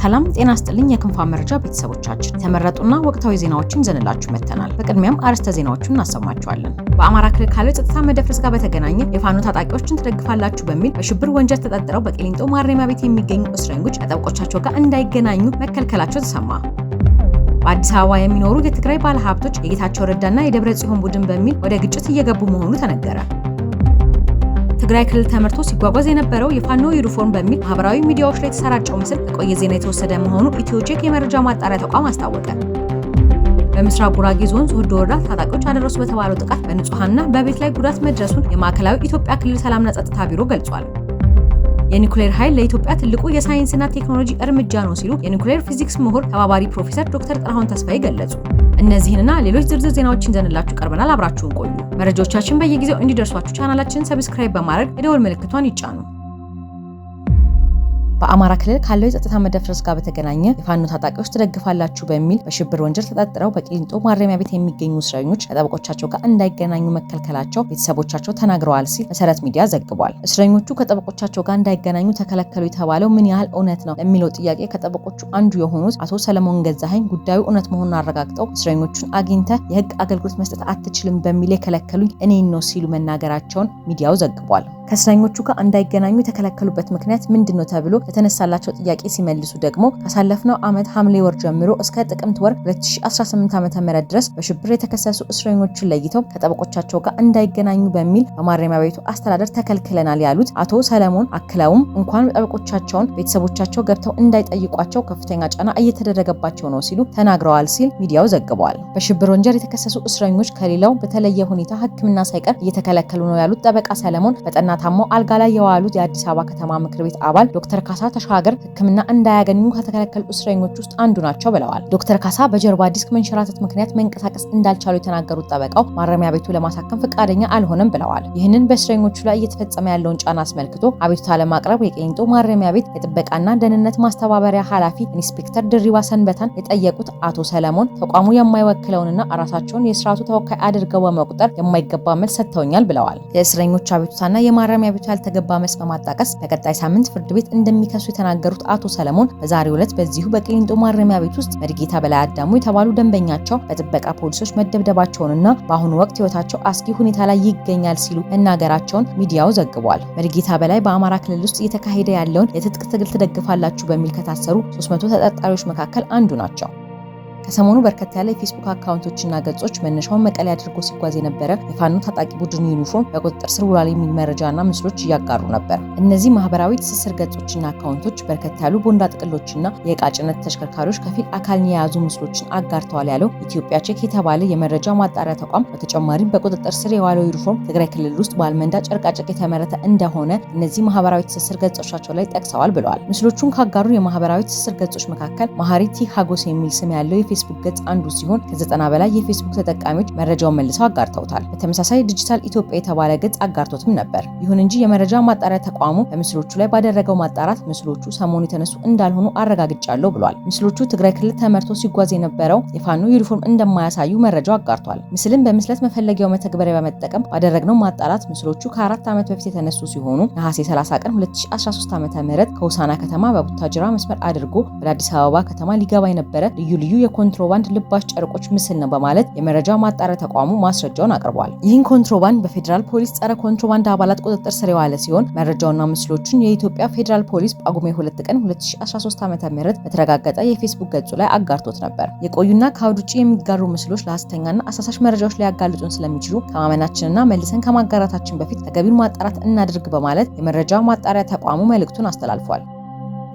ሰላም ጤና ስጥልኝ። የክንፋን መረጃ ቤተሰቦቻችን የተመረጡና ወቅታዊ ዜናዎችን ይዘንላችሁ መጥተናል። በቅድሚያም አርዕስተ ዜናዎቹን እናሰማችኋለን። በአማራ ክልል ካለው የጸጥታ መደፍረስ ጋር በተገናኘ የፋኖ ታጣቂዎችን ትደግፋላችሁ በሚል በሽብር ወንጀል ተጠርጥረው በቂሊንጦ ማረሚያ ቤት የሚገኙ እስረኞች ከጠበቆቻቸው ጋር እንዳይገናኙ መከልከላቸው ተሰማ። በአዲስ አበባ የሚኖሩ የትግራይ ባለሀብቶች የጌታቸው ረዳና የደብረ ጽዮን ቡድን በሚል ወደ ግጭት እየገቡ መሆኑ ተነገረ። ትግራይ ክልል ተመርቶ ሲጓጓዝ የነበረው የፋኖ ዩኒፎርም በሚል ማህበራዊ ሚዲያዎች ላይ የተሰራጨው ምስል ከቆየ ዜና የተወሰደ መሆኑ ኢትዮቼክ የመረጃ ማጣሪያ ተቋም አስታወቀ። በምስራቅ ጉራጌ ዞን ሶዶ ወረዳ ታጣቂዎች አደረሱ በተባለው ጥቃት በንጹሐንና በቤት ላይ ጉዳት መድረሱን የማዕከላዊ ኢትዮጵያ ክልል ሰላምና ጸጥታ ቢሮ ገልጿል። የኒኩሌር ኃይል ለኢትዮጵያ ትልቁ የሳይንስና ቴክኖሎጂ እርምጃ ነው ሲሉ የኒኩሌር ፊዚክስ ምሁር ተባባሪ ፕሮፌሰር ዶክተር ጥላሁን ተስፋዬ ገለጹ። እነዚህንና ሌሎች ዝርዝር ዜናዎችን ይዘንላችሁ ቀርበናል። አብራችሁን ቆዩ። መረጃዎቻችን በየጊዜው እንዲደርሷችሁ ቻናላችንን ሰብስክራይብ በማድረግ የደወል ምልክቷን ይጫኑ። በአማራ ክልል ካለው የጸጥታ መደፍረስ ጋር በተገናኘ የፋኖ ታጣቂዎች ትደግፋላችሁ በሚል በሽብር ወንጀል ተጠርጥረው በቂሊንጦ ማረሚያ ቤት የሚገኙ እስረኞች ከጠበቆቻቸው ጋር እንዳይገናኙ መከልከላቸው ቤተሰቦቻቸው ተናግረዋል ሲል መሰረት ሚዲያ ዘግቧል። እስረኞቹ ከጠበቆቻቸው ጋር እንዳይገናኙ ተከለከሉ የተባለው ምን ያህል እውነት ነው ለሚለው ጥያቄ ከጠበቆቹ አንዱ የሆኑት አቶ ሰለሞን ገዛኸኝ ጉዳዩ እውነት መሆኑን አረጋግጠው እስረኞቹን አግኝተ የህግ አገልግሎት መስጠት አትችልም በሚል የከለከሉኝ እኔን ነው ሲሉ መናገራቸውን ሚዲያው ዘግቧል። ከእስረኞቹ ጋር እንዳይገናኙ የተከለከሉበት ምክንያት ምንድን ነው ተብሎ ለተነሳላቸው ጥያቄ ሲመልሱ ደግሞ ካሳለፍነው ዓመት ሐምሌ ወር ጀምሮ እስከ ጥቅምት ወር 2018 ም ድረስ በሽብር የተከሰሱ እስረኞችን ለይተው ከጠበቆቻቸው ጋር እንዳይገናኙ በሚል በማረሚያ ቤቱ አስተዳደር ተከልክለናል ያሉት አቶ ሰለሞን አክለውም እንኳን ጠበቆቻቸውን ቤተሰቦቻቸው ገብተው እንዳይጠይቋቸው ከፍተኛ ጫና እየተደረገባቸው ነው ሲሉ ተናግረዋል ሲል ሚዲያው ዘግቧል። በሽብር ወንጀል የተከሰሱ እስረኞች ከሌላው በተለየ ሁኔታ ሕክምና ሳይቀር እየተከለከሉ ነው ያሉት ጠበቃ ሰለሞን በጠና ታመው አልጋ ላይ የዋሉት የአዲስ አበባ ከተማ ምክር ቤት አባል ዶክተር ካሳ ተሻገር ሕክምና እንዳያገኙ ከተከለከሉ እስረኞች ውስጥ አንዱ ናቸው ብለዋል። ዶክተር ካሳ በጀርባ ዲስክ መንሸራተት ምክንያት መንቀሳቀስ እንዳልቻሉ የተናገሩት ጠበቃው ማረሚያ ቤቱ ለማሳከም ፈቃደኛ አልሆነም ብለዋል። ይህንን በእስረኞቹ ላይ እየተፈጸመ ያለውን ጫና አስመልክቶ አቤቱታ ለማቅረብ የቂሊንጦ ማረሚያ ቤት የጥበቃና ደህንነት ማስተባበሪያ ኃላፊ ኢንስፔክተር ድሪባ ሰንበታን የጠየቁት አቶ ሰለሞን ተቋሙ የማይወክለውንና ራሳቸውን የስርዓቱ ተወካይ አድርገው በመቁጠር የማይገባ መልስ ሰጥተውኛል ብለዋል። የእስረኞች አቤቱታና የማረሚያ ቤቱ ያልተገባ መልስ በማጣቀስ በቀጣይ ሳምንት ፍርድ ቤት እንደሚ እንደሚከሱ የተናገሩት አቶ ሰለሞን በዛሬው ዕለት በዚሁ በቅሊንጦ ማረሚያ ቤት ውስጥ መድጌታ በላይ አዳሙ የተባሉ ደንበኛቸው በጥበቃ ፖሊሶች መደብደባቸውንና በአሁኑ ወቅት ሕይወታቸው አስጊ ሁኔታ ላይ ይገኛል ሲሉ መናገራቸውን ሚዲያው ዘግቧል። መድጌታ በላይ በአማራ ክልል ውስጥ እየተካሄደ ያለውን የትጥቅ ትግል ትደግፋላችሁ በሚል ከታሰሩ 300 ተጠርጣሪዎች መካከል አንዱ ናቸው። ከሰሞኑ በርከት ያለ የፌስቡክ አካውንቶችና ገጾች መነሻውን መቀሌ አድርጎ ሲጓዝ የነበረ የፋኖ ታጣቂ ቡድን ዩኒፎርም በቁጥጥር ስር ውሏል የሚል መረጃና ምስሎች እያጋሩ ነበር። እነዚህ ማህበራዊ ትስስር ገጾችና አካውንቶች በርከት ያሉ ቦንዳ ጥቅሎችና የዕቃ ጭነት ተሽከርካሪዎች ከፊል አካልን የያዙ ምስሎችን አጋርተዋል ያለው ኢትዮጵያ ቼክ የተባለ የመረጃ ማጣሪያ ተቋም በተጨማሪም በቁጥጥር ስር የዋለው ዩኒፎርም ትግራይ ክልል ውስጥ በአልመንዳ ጨርቃጨርቅ የተመረተ እንደሆነ እነዚህ ማህበራዊ ትስስር ገጾቻቸው ላይ ጠቅሰዋል ብለዋል። ምስሎቹን ካጋሩ የማህበራዊ ትስስር ገጾች መካከል ማሀሪቲ ሀጎስ የሚል ስም ያለው የፌስቡክ ገጽ አንዱ ሲሆን ከዘጠና በላይ የፌስቡክ ተጠቃሚዎች መረጃውን መልሰው አጋርተውታል። በተመሳሳይ ዲጂታል ኢትዮጵያ የተባለ ገጽ አጋርቶትም ነበር። ይሁን እንጂ የመረጃ ማጣሪያ ተቋሙ በምስሎቹ ላይ ባደረገው ማጣራት ምስሎቹ ሰሞኑ የተነሱ እንዳልሆኑ አረጋግጫለሁ ብሏል። ምስሎቹ ትግራይ ክልል ተመርቶ ሲጓዝ የነበረው የፋኖ ዩኒፎርም እንደማያሳዩ መረጃው አጋርቷል። ምስልን በምስለት መፈለጊያው መተግበሪያ በመጠቀም ባደረግነው ማጣራት ምስሎቹ ከአራት ዓመት በፊት የተነሱ ሲሆኑ ነሐሴ 30 ቀን 2013 ዓ ም ከውሳና ከተማ በቡታጅራ መስመር አድርጎ ወደ አዲስ አበባ ከተማ ሊገባ የነበረ ልዩ ልዩ የኮን የኮንትሮባንድ ልባሽ ጨርቆች ምስል ነው በማለት የመረጃ ማጣሪያ ተቋሙ ማስረጃውን አቅርቧል። ይህን ኮንትሮባንድ በፌዴራል ፖሊስ ጸረ ኮንትሮባንድ አባላት ቁጥጥር ስር የዋለ ሲሆን መረጃውና ምስሎቹን የኢትዮጵያ ፌዴራል ፖሊስ ጳጉሜ 2 ቀን 2013 ዓ ም በተረጋገጠ የፌስቡክ ገጹ ላይ አጋርቶት ነበር። የቆዩና ከአውድ ውጭ የሚጋሩ ምስሎች ለሐሰተኛና አሳሳሽ መረጃዎች ሊያጋልጡን ስለሚችሉ ከማመናችንና መልሰን ከማጋራታችን በፊት ተገቢውን ማጣራት እናድርግ በማለት የመረጃ ማጣሪያ ተቋሙ መልእክቱን አስተላልፏል።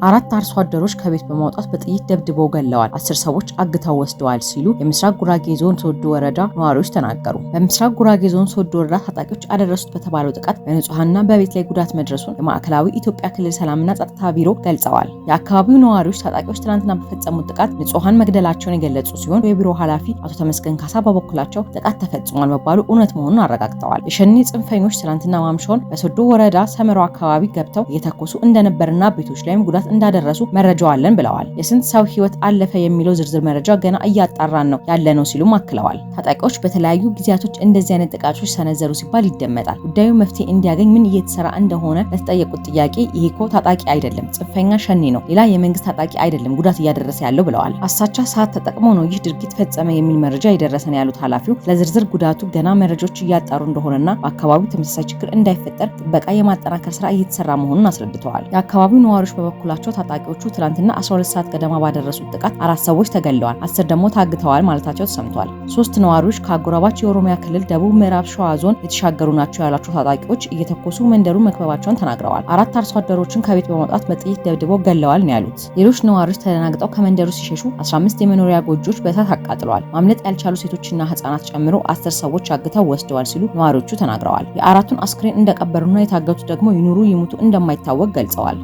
አራት አርሶ አደሮች ከቤት በማውጣት በጥይት ደብድበው ገለዋል፣ አስር ሰዎች አግተው ወስደዋል ሲሉ የምስራቅ ጉራጌ ዞን ሶዶ ወረዳ ነዋሪዎች ተናገሩ። በምስራቅ ጉራጌ ዞን ሶዶ ወረዳ ታጣቂዎች አደረሱት በተባለው ጥቃት በንጹሐንና በቤት ላይ ጉዳት መድረሱን የማዕከላዊ ኢትዮጵያ ክልል ሰላምና ጸጥታ ቢሮ ገልጸዋል። የአካባቢው ነዋሪዎች ታጣቂዎች ትናንትና በፈጸሙት ጥቃት ንጹሐን መግደላቸውን የገለጹ ሲሆን የቢሮ ኃላፊ አቶ ተመስገን ካሳ በበኩላቸው ጥቃት ተፈጽሟል መባሉ እውነት መሆኑን አረጋግጠዋል። የሸኔ ጽንፈኞች ትናንትና ማምሻውን በሶዶ ወረዳ ሰመሮ አካባቢ ገብተው እየተኮሱ እንደነበርና ቤቶች ላይም ጉዳት እንዳደረሱ መረጃዋለን ብለዋል። የስንት ሰው ህይወት አለፈ የሚለው ዝርዝር መረጃ ገና እያጣራን ነው ያለ ነው ሲሉም አክለዋል። ታጣቂዎች በተለያዩ ጊዜያቶች እንደዚህ አይነት ጥቃቶች ሰነዘሩ ሲባል ይደመጣል። ጉዳዩ መፍትሄ እንዲያገኝ ምን እየተሰራ እንደሆነ ለተጠየቁት ጥያቄ ይሄ እኮ ታጣቂ አይደለም፣ ጽንፈኛ ሸኔ ነው፣ ሌላ የመንግስት ታጣቂ አይደለም ጉዳት እያደረሰ ያለው ብለዋል። አሳቻ ሰዓት ተጠቅመው ነው ይህ ድርጊት ፈጸመ የሚል መረጃ የደረሰን ያሉት ኃላፊው ለዝርዝር ጉዳቱ ገና መረጃዎች እያጣሩ እንደሆነና በአካባቢው ተመሳሳይ ችግር እንዳይፈጠር ጥበቃ የማጠናከር ስራ እየተሰራ መሆኑን አስረድተዋል። የአካባቢው ነዋሪዎች በበኩላ ያላቸው ታጣቂዎቹ ትላንትና 12 ሰዓት ገደማ ባደረሱት ጥቃት አራት ሰዎች ተገለዋል፣ አስር ደግሞ ታግተዋል ማለታቸው ተሰምቷል። ሶስት ነዋሪዎች ከአጎራባች የኦሮሚያ ክልል ደቡብ ምዕራብ ሸዋ ዞን የተሻገሩ ናቸው ያሏቸው ታጣቂዎች እየተኮሱ መንደሩን መክበባቸውን ተናግረዋል። አራት አርሶ አደሮችን ከቤት በማውጣት በጥይት ደብድበው ገለዋል ነው ያሉት። ሌሎች ነዋሪዎች ተደናግጠው ከመንደሩ ሲሸሹ 15 የመኖሪያ ጎጆች በእሳት አቃጥለዋል። ማምለጥ ያልቻሉ ሴቶችና ህጻናት ጨምሮ አስር ሰዎች አግተው ወስደዋል ሲሉ ነዋሪዎቹ ተናግረዋል። የአራቱን አስክሬን እንደቀበሩና የታገቱ ደግሞ ይኑሩ ይሙቱ እንደማይታወቅ ገልጸዋል።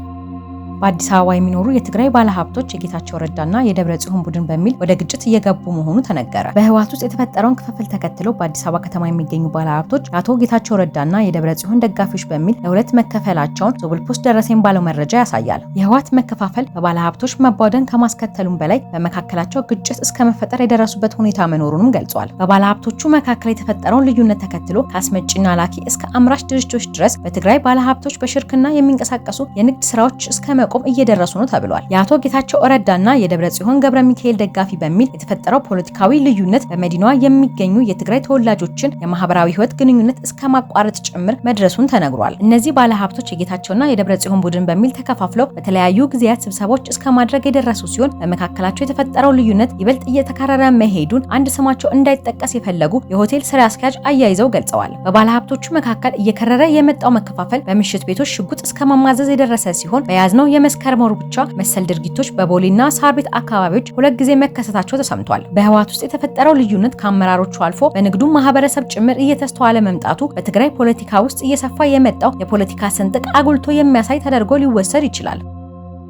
በአዲስ አበባ የሚኖሩ የትግራይ ባለሀብቶች የጌታቸው ረዳና የደብረ ጽዮን ቡድን በሚል ወደ ግጭት እየገቡ መሆኑ ተነገረ። በህወሓት ውስጥ የተፈጠረውን ክፍፍል ተከትሎ በአዲስ አበባ ከተማ የሚገኙ ባለሀብቶች የአቶ ጌታቸው ረዳና የደብረ ጽዮን ደጋፊዎች በሚል ለሁለት መከፈላቸውን ዞብል ፖስት ደረሰኝ ባለው መረጃ ያሳያል። የህወሓት መከፋፈል በባለሀብቶች መባደን ከማስከተሉም በላይ በመካከላቸው ግጭት እስከ መፈጠር የደረሱበት ሁኔታ መኖሩንም ገልጿል። በባለሀብቶቹ መካከል የተፈጠረውን ልዩነት ተከትሎ ከአስመጪና ላኪ እስከ አምራች ድርጅቶች ድረስ በትግራይ ባለሀብቶች በሽርክና የሚንቀሳቀሱ የንግድ ስራዎች እስከ ለማቆም እየደረሱ ነው ተብሏል። የአቶ ጌታቸው ረዳና የደብረ ጽዮን ገብረ ሚካኤል ደጋፊ በሚል የተፈጠረው ፖለቲካዊ ልዩነት በመዲናዋ የሚገኙ የትግራይ ተወላጆችን የማህበራዊ ህይወት ግንኙነት እስከ ማቋረጥ ጭምር መድረሱን ተነግሯል። እነዚህ ባለሀብቶች የጌታቸውና የደብረ ጽዮን ቡድን በሚል ተከፋፍለው በተለያዩ ጊዜያት ስብሰባዎች እስከ ማድረግ የደረሱ ሲሆን በመካከላቸው የተፈጠረው ልዩነት ይበልጥ እየተካረረ መሄዱን አንድ ስማቸው እንዳይጠቀስ የፈለጉ የሆቴል ስራ አስኪያጅ አያይዘው ገልጸዋል። በባለሀብቶቹ መካከል እየከረረ የመጣው መከፋፈል በምሽት ቤቶች ሽጉጥ እስከ የደረሰ ሲሆን በያዝነው የመስከረም ወር ብቻ መሰል ድርጊቶች በቦሌና ሳር ቤት አካባቢዎች ሁለት ጊዜ መከሰታቸው ተሰምቷል። በህወሓት ውስጥ የተፈጠረው ልዩነት ከአመራሮቹ አልፎ በንግዱ ማህበረሰብ ጭምር እየተስተዋለ መምጣቱ በትግራይ ፖለቲካ ውስጥ እየሰፋ የመጣው የፖለቲካ ስንጥቅ አጉልቶ የሚያሳይ ተደርጎ ሊወሰድ ይችላል።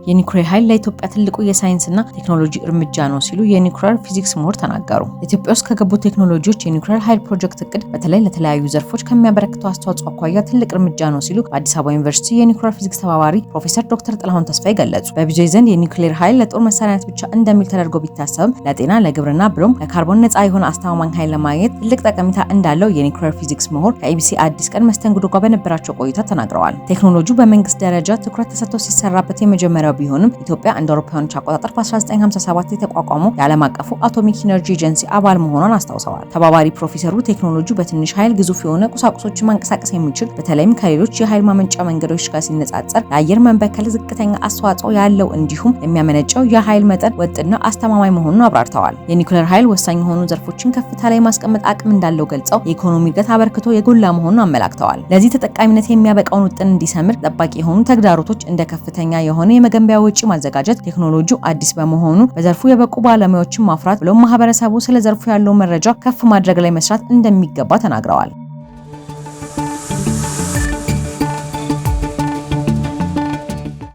የኒኩሌር ኃይል ለኢትዮጵያ ትልቁ የሳይንስና ቴክኖሎጂ እርምጃ ነው ሲሉ የኒኩሌር ፊዚክስ ምሁር ተናገሩ። ኢትዮጵያ ውስጥ ከገቡት ቴክኖሎጂዎች የኒኩሌር ኃይል ፕሮጀክት እቅድ በተለይ ለተለያዩ ዘርፎች ከሚያበረክተው አስተዋጽኦ አኳያ ትልቅ እርምጃ ነው ሲሉ በአዲስ አበባ ዩኒቨርሲቲ የኒኩሌር ፊዚክስ ተባባሪ ፕሮፌሰር ዶክተር ጥላሁን ተስፋዬ ገለጹ። በብዙ ዘንድ የኒኩሌር ኃይል ለጦር መሳሪያነት ብቻ እንደሚል ተደርጎ ቢታሰብም ለጤና፣ ለግብርና ብሎም ለካርቦን ነፃ የሆነ አስተማማኝ ኃይል ለማግኘት ትልቅ ጠቀሜታ እንዳለው የኒኩሌር ፊዚክስ ምሁር ከኢቢሲ አዲስ ቀን መስተንግዶ ጋር በነበራቸው ቆይታ ተናግረዋል። ቴክኖሎጂው በመንግስት ደረጃ ትኩረት ተሰጥቶ ሲሰራበት የመጀመሪያው ቢሆንም ኢትዮጵያ እንደ አውሮፓውያኖች አቆጣጠር በ1957 የተቋቋመው የዓለም አቀፉ አቶሚክ ኢነርጂ ኤጀንሲ አባል መሆኗን አስታውሰዋል። ተባባሪ ፕሮፌሰሩ ቴክኖሎጂ በትንሽ ኃይል ግዙፍ የሆነ ቁሳቁሶችን ማንቀሳቀስ የሚችል በተለይም ከሌሎች የኃይል ማመንጫ መንገዶች ጋር ሲነጻጸር ለአየር መንበከል ዝቅተኛ አስተዋጽኦ ያለው እንዲሁም የሚያመነጨው የኃይል መጠን ወጥና አስተማማኝ መሆኑን አብራርተዋል። የኒውክሌር ኃይል ወሳኝ የሆኑ ዘርፎችን ከፍታ ላይ ማስቀመጥ አቅም እንዳለው ገልጸው የኢኮኖሚ እድገት አበርክቶ የጎላ መሆኑን አመላክተዋል። ለዚህ ተጠቃሚነት የሚያበቃውን ውጥን እንዲሰምር ጠባቂ የሆኑ ተግዳሮቶች እንደ ከፍተኛ የሆነ የመገ መገንቢያ ወጪ ማዘጋጀት ቴክኖሎጂው አዲስ በመሆኑ በዘርፉ የበቁ ባለሙያዎችን ማፍራት ብሎም ማህበረሰቡ ስለ ዘርፉ ያለው መረጃ ከፍ ማድረግ ላይ መስራት እንደሚገባ ተናግረዋል።